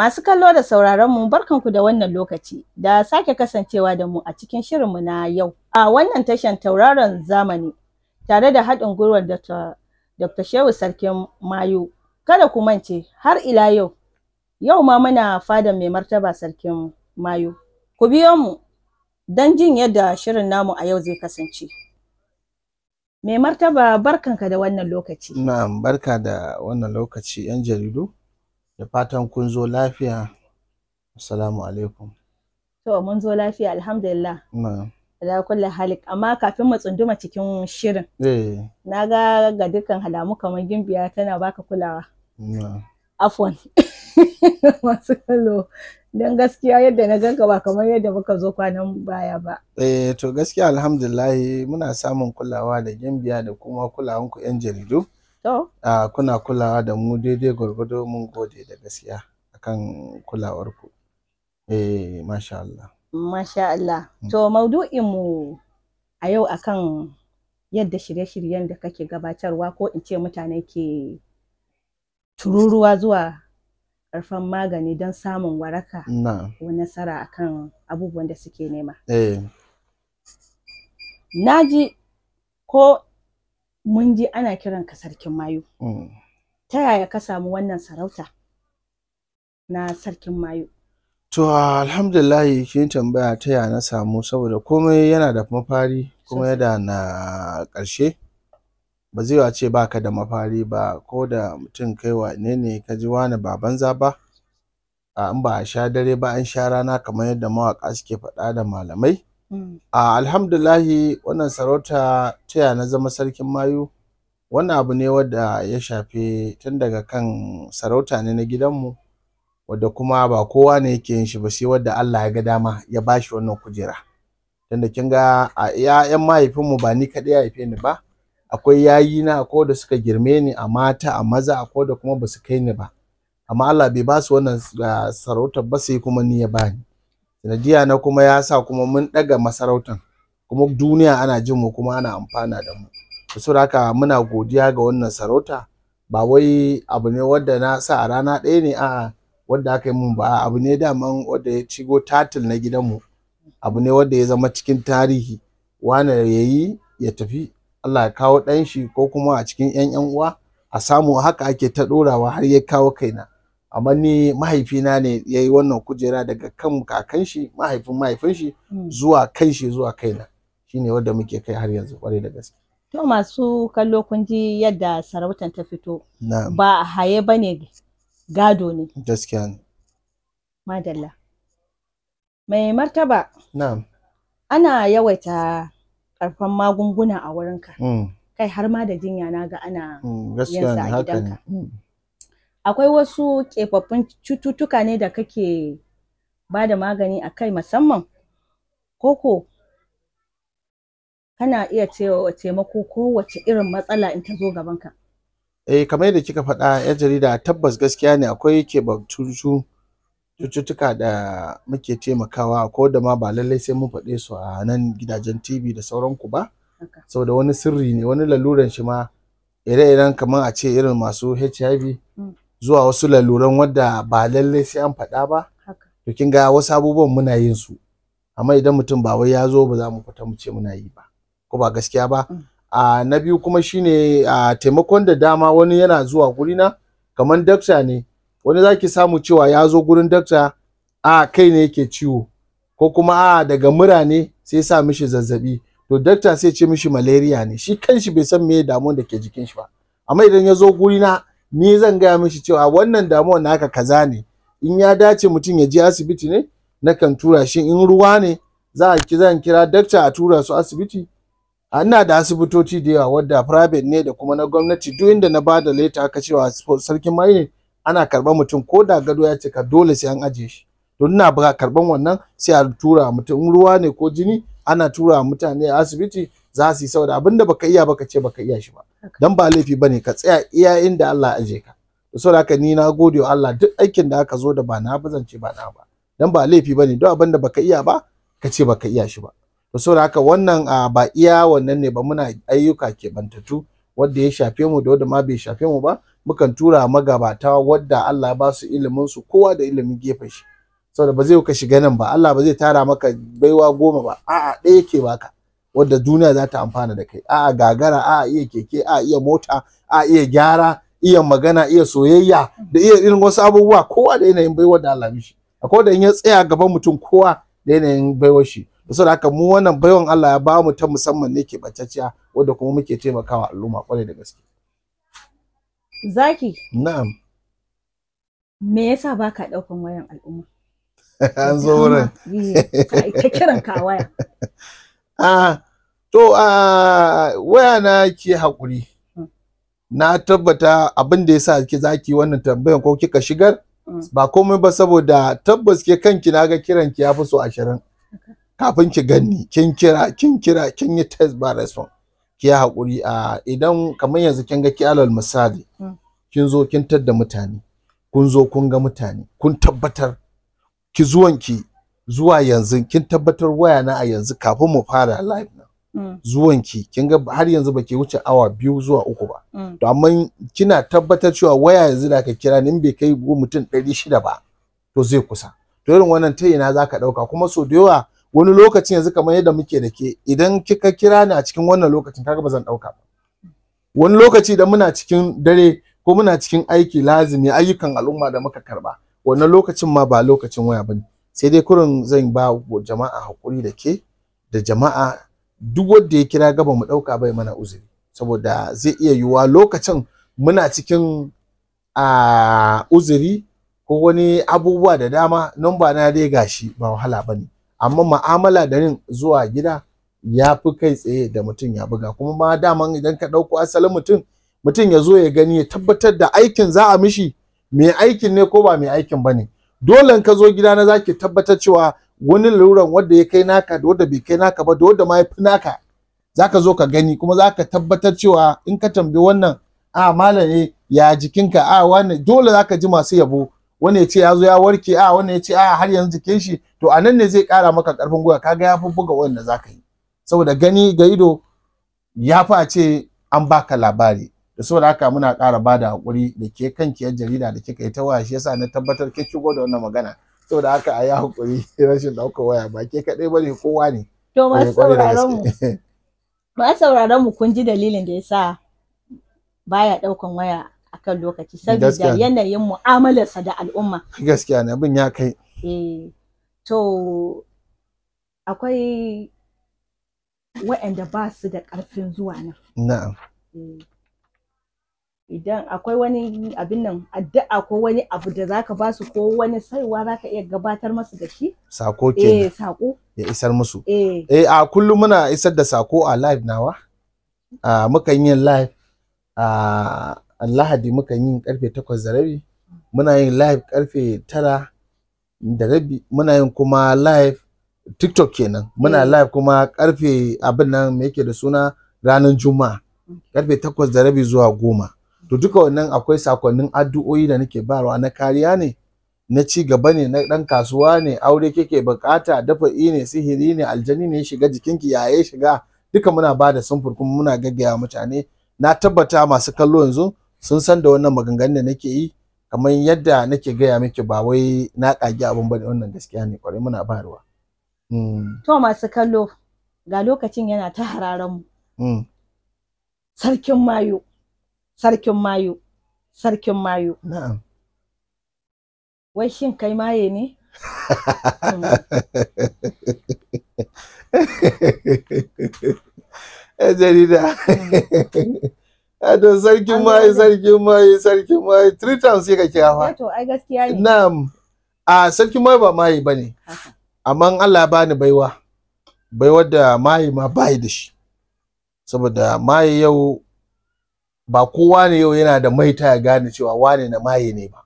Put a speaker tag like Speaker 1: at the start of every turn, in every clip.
Speaker 1: Masu kallo da sauraron mu barkanku da wannan lokaci da sake kasancewa da mu a cikin shirinmu na yau. A wannan tashan tauraron zamani tare da haɗin gwiwar Dr. Shehu Sarkin Mayu. Kada ku mance har ila yau, yau ma muna fada mai martaba Sarkin Mayu. Ku biyo mu don jin yadda shirin namu a yau zai kasance. Mai martaba barkanka da wannan lokaci.
Speaker 2: Na'am barka da wannan lokaci 'yan jaridu. da fatan kun zo lafiya assalamu alaikum
Speaker 1: to mun zo lafiya alhamdulillah ala kulli halik amma kafin mu tsunduma cikin shirin eh. na ga ga dukkan halamu kamar gimbiya tana baka kulawa afwan masu kallo don gaskiya yadda na ganka ba kamar yadda muka zo kwanan baya ba
Speaker 2: eh to gaskiya alhamdulillah muna samun kulawa da gimbiya da kuma kulawanku yan jaridu kuna kulawa da mu daidai gwargwado mun gode da gaskiya akan kulawarku eh masha Allah
Speaker 1: masha Allah mm. to maudu'in mu a yau akan yadda shirye-shiryen da kake gabatarwa ko in ce mutane ke tururuwa zuwa ƙarfan magani don samun waraka ko nasara akan abubuwan da suke nema eh na ji ko mun ji ana kiran ka sarkin mayu mm. ta yaya ka samu wannan sarauta na sarkin mayu
Speaker 2: to alhamdulillahi kin tambaya ta yaya na samu saboda komai yana da mafari kuma yana na ƙarshe ba zai ce baka da mafari ba ko da mutum kai wa ne ne ka ji wani ba banza ba in ba a sha dare ba an sha rana kamar yadda mawaƙa suke faɗa da malamai Mm. alhamdulahi wannan sarauta taya na zama sarkin mayu wannan abu ne wadda ya shafi tun daga kan sarauta ne na gidanmu wadda kuma ba kowa ne yake yin shi ba sai wadda Allah ya ga dama ya ba shi wannan kujera tunda kin ga a ƴaƴan mahaifinmu ba ni kaɗai ya haife ni ba akwai yayi na ko da suka girme ni a mata a maza koda da kuma ba su kai ni ba amma Allah bai ba su wannan ah, sarautar ba sai kuma ni ya bani sanadiya na kuma ya sa kuma mun ɗaga masarautan kuma duniya ana jin mu kuma ana amfana da mu saboda haka muna godiya ga wannan sarauta ba wai abu ne wadda na sa a rana ɗaya ne a wanda aka yi mun ba abu ne daman wadda ya cigo tatil na gidanmu abu ne wadda ya zama cikin tarihi wane ya yi ya tafi Allah ya kawo ɗanshi shi ko kuma a cikin 'yan 'yan uwa a samu haka ake ta ɗorawa har ya kawo kaina amma ni mahaifina ne ya yi wannan kujera daga kan kakan shi mahaifin mahaifin shi hmm. zuwa kai shi zuwa kaina shine wanda muke kai har yanzu kware da gaske
Speaker 1: to masu kallo kun ji yadda sarautar ta fito ba a haye ba gado
Speaker 2: ne gaskiya ne
Speaker 1: madalla mai martaba na'am ana yawaita karfan magunguna a wurinka hmm. kai har ma da jinya na ga ana
Speaker 2: hmm, yansa a gidanka
Speaker 1: akwai wasu keɓaɓɓun cututtuka ne da kake ba da magani a kai musamman koko kana iya taimako kowace irin matsala in ta zo gabanka
Speaker 2: eh kamar yadda kika faɗa yan jarida tabbas gaskiya ne akwai keɓaɓɓun cututtuka da muke taimakawa ko da ma ba lallai sai mun faɗe su a nan gidajen tv da sauranku ba saboda wani sirri ne wani laluran shi ma ire-iren kamar a ce irin masu hiv mm. zuwa wasu laluran wadda ba lallai sai an faɗa ba to kin ga wasu abubuwan muna yin su amma idan mutum ba wai ya zo ba za mu fita mu ce muna yi ba ko ba gaskiya ba mm. a na biyu kuma shine a taimakon da dama wani yana zuwa gurina kamar dakta ne wani zaki samu cewa ya zo gurin dakta a kai ne yake ciwo ko kuma a daga mura ne sai sa mishi zazzabi to dakta sai ce mishi malaria ne shi kanshi bai san me damuwar da ke jikin shi ba amma idan ya zo gurina ni zan gaya mishi cewa wannan damuwar naka kaza ne in ya dace mutum ya je asibiti ne Na kan tura shi in ruwa ne za a ki zan kira dakta a tura su asibiti ana da asibitoci da yawa wadda private ne da kuma na gwamnati duk inda na bada leta aka cewa sarkin mai ne ana karban mutum ko da gado ya cika dole sai an aje shi don ina ba karban wannan sai a tura mutum in ruwa ne ko jini ana tura mutane a asibiti za su yi saboda abinda baka iya baka ce baka iya shi ba dan ba laifi bane ka tsaya iya inda Allah aje ka saboda haka ni na gode wa Allah duk aikin da aka zo da ba na bazance ba na ba dan ba laifi bane duk abinda baka iya ba ka ce baka iya shi ba saboda haka wannan ah, ba iya wannan ne ba muna ayyuka ke bantatu wanda ya shafe mu da wanda ma bai shafe mu ba mukan tura magabata wadda Allah ba su ilimin su kowa da ilimin gefen shi saboda ba zai ka shiga nan ba Allah ba zai tara maka baiwa goma ba a'a ɗaya yake baka wadda duniya za ta amfana da kai a'a gagara a'a iya keke a'a iya mota a'a iya gyara iya magana iya soyayya da iya irin wasu abubuwa kowa da yanayin baiwar da Allah mishi akwai da in ya tsaya gaban mutum kowa da yanayin baiwar shi saboda haka mu wannan baiwan Allah ya ba mu ta musamman ne ke bacacciya wadda kuma muke taimakawa al'umma kwarai da gaske zaki na'am
Speaker 1: me yasa baka daukan wayan al'umma an zo wurin eh, ka kiran ka waya
Speaker 2: a ah, to a ah, waya na ke hakuri hmm. na tabbata abin da yasa ki zaki wannan tambayan ko kika shigar hmm. ba komai ba saboda tabbas ke kanki na ga kiran ki yafi so 20 kafin ki ganni kin kira kin kira kin yi test ba rason ki hakuri a ah, idan kamar yanzu kin ga ki alal misali hmm. kin zo kin tadda mutane kun zo kun ga mutane kun tabbatar ki zuwanki zuwa yanzu kin tabbatar waya na a yanzu kafin mu fara live na mm. zuwan ki kin ga har yanzu baki wuce awa biyu zuwa uku ba mm. to amma kina tabbatar cewa waya yanzu da ka kira nin bai kai mutum ɗari shida ba to zai kusa to irin wannan ta ina zaka ɗauka kuma so da yawa wani lokacin yanzu kamar yadda muke da ke idan kika kira ni a cikin wannan lokacin kaga ba zan ɗauka ba wani lokaci da muna cikin dare ko muna cikin aiki lazimi ayyukan al'umma da muka karba wannan lokacin ma ba lokacin waya bane sai dai kurin zan ba jama'a hakuri da ke da jama'a duk wanda ya kira gaba mu dauka bai mana uzuri saboda zai iya yiwuwa lokacin muna cikin a uzuri ko wani abubuwa da dama nan ba na dai gashi ba wahala bane amma ma'amala da rin zuwa gida ya fi kai tsaye da mutum ya buga kuma ma daman idan ka ɗauko asalin mutum mutum ya zo ya gani ya tabbatar da aikin za a mishi mai aikin ne ko ba mai aikin bane dole ka zo gida na zaki tabbatar cewa wani laluran wanda ya kai naka da wanda bai kai naka ba da wanda ma ya fi naka zaka zo ka gani kuma zaka tabbatar cewa in ka tambayi wannan a malam eh, ya jikinka a wani dole zaka ji masu yabo wani ya ce ya zo ya warke a wani ya ce a har yanzu jikin shi to a nan ne zai kara maka karfin gwiwa kaga ya fi buga wanda zaka yi saboda gani ga ido ya fi ce an baka labari da saboda haka muna ƙara ba da haƙuri da ke kanki yar jarida da kika yi ta waya shi yasa na tabbatar ke shigo da wannan magana saboda haka a yi haƙuri rashin ɗaukar waya ba ke kaɗai ba ne kowa ne. to masu eh, sauraron mu
Speaker 1: masu sauraron mu kun ji dalilin da yasa baya ɗaukan waya akan lokaci saboda yanayin mu'amalarsa da al'umma.
Speaker 2: gaskiya ne abin ya kai.
Speaker 1: eh to akwai waɗanda ba su da ƙarfin zuwa nan. na'am. Eh. idan akwai wani abin nan addu'a ko wani abu da zaka ba su ko wani saiwa zaka iya gabatar masu da shi
Speaker 2: sako ke eh sako ya isar musu eh. eh a kullum muna isar da sako a live nawa a mukan yin live a Lahadi mukan yin karfe 8 da rabi muna yin live karfe 9 da rabi muna yin kuma live TikTok kenan muna eh. live kuma karfe abin nan me yake da suna ranar Juma'a mm. karfe 8 da rabi zuwa goma to duka wannan akwai sakonnin addu'o'i da nake barwa na kariya ne na ci gaba ne na dan kasuwa ne aure kike bukata i ne sihiri ne aljani ne shiga jikinki yaye shiga duka muna bada samfur kuma muna gaggaya mutane na tabbata masu kallo yanzu sun san da wannan maganganun da nake yi kamar yadda nake gaya miki ba wai na kage abun bane wannan gaskiya ne kwarai muna barwa
Speaker 1: hmm. to masu kallo ga lokacin yana ta hararan mu hmm. sarkin mayo sarkin mayu sarkin mayu na'am wai shin kai maye ne
Speaker 2: jarida don sarkin mayu sarkin mayu sarkin mayu three times sai ka kira fa
Speaker 1: to ai gaskiya
Speaker 2: ne na'am a sarkin mayu ba maye bane amma Allah ba ni baiwa baiwar da maye ma bai da shi saboda maye yau ba kowa ne yau yana da maita ya gane cewa wane na maye ne ba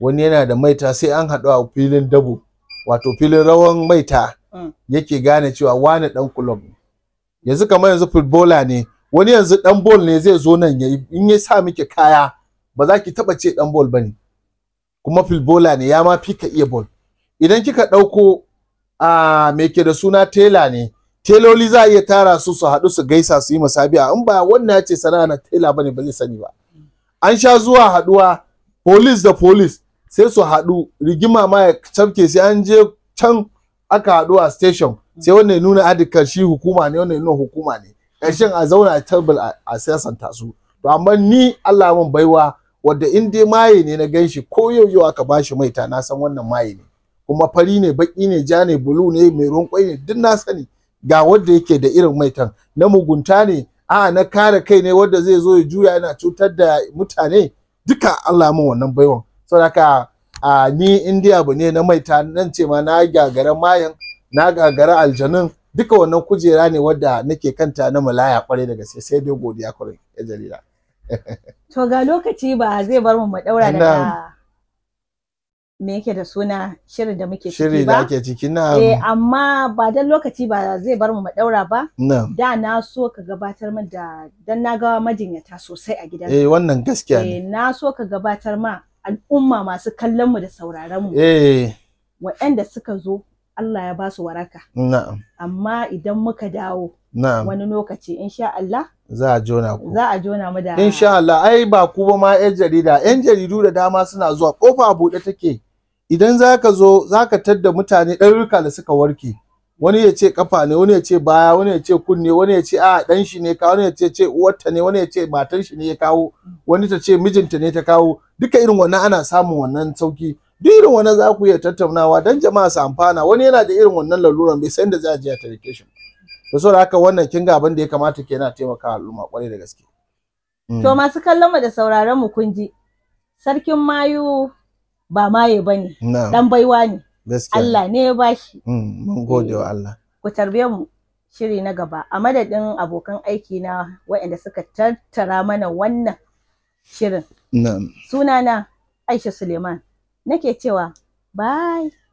Speaker 2: wani yana da maita sai an haɗu a filin dabo wato filin rawan maita mm. yake gane cewa wane dan kulob ne yanzu kamar yanzu footballer ne wani yanzu dan ball ne zai zo nan yayi in ya sa miki kaya ba za ki taba ce dan ball bane kuma footballer ne ya ma fika iya ball idan kika dauko a ah, me ke da suna tela ne teloli za a iya tara su su haɗu su gaisa su yi a in ba wannan ya ce sana'a na tela bane ba zai sani ba an sha zuwa haɗuwa police da police sai su haɗu rigima ma ya cafke sai an je can aka haɗu a station sai wannan nuna adikar shi hukuma ne wannan nuna hukuma ne ƙarshen a zauna a tarbal a siyasanta su to amma ni Allah min baiwa wadda in dai maye ne na ganshi ko yau yau aka bashi maita na san wannan maye ne kuma fari ne baki ne ja ne bulu ne mai ronkwai ne duk na sani ga wanda yake da irin maitan na mugunta ne a na kare kai ne wanda zai zo ya juya yana cutar da mutane duka Allah mun wannan baiwan saboda a ni indiya bu ne na maita nan ce ma na gagara mayan na gagara aljanun duka wannan kujera ne wadda nake kanta na malaya kwarai da gaske sai dai godiya kwarai ya jalila
Speaker 1: to ga lokaci ba zai bar mu mu daura daga me yake da suna shirin da muke ciki ba Shirin
Speaker 2: ciki na eh
Speaker 1: amma ba dan lokaci ba zai bar mu mu daura ba da na so ka gabatar min da dan na ga majinyata sosai a gidan eh wannan gaskiya ne eh na so ka gabatar ma al'umma masu kallon mu da sauraron mu eh waɗanda suka zo Allah ya ba su waraka na'am amma idan muka dawo wani lokaci insha Allah
Speaker 2: za a jona ku
Speaker 1: za a jona mu da insha
Speaker 2: Allah ai ba ku ba ma yan jarida yan jaridu da dama suna zuwa kofa bude take idan zaka zo zaka tadda mutane ruka da suka warke wani ya ce kafa ne wani ya ce baya wani ya ce kunne wani ya ce a dan shi ne ka, wani ya ce ce uwarta ne wani ya ce matan shi ne ya kawo wani ta ce mijinta ne ta kawo duka irin wannan ana samun wannan sauki duk irin wannan za ku iya tattaunawa dan jama'a su amfana wani yana da irin wannan laluran bai san da za a je a tarike shi to saboda haka wannan kin ga abin da ya kamata ke na taimaka al'umma kwarai da gaske
Speaker 1: mm. to masu kallon mu da sauraron mu kun ji sarkin mayu ba maye bane dan baiwa ne Allah ne ya bashi
Speaker 2: mm, mun gode wa eh, Allah
Speaker 1: ku tarbe mu shiri na gaba a madadin abokan aiki na waɗanda suka tattara mana wannan shirin sunana Aisha Suleiman nake cewa bye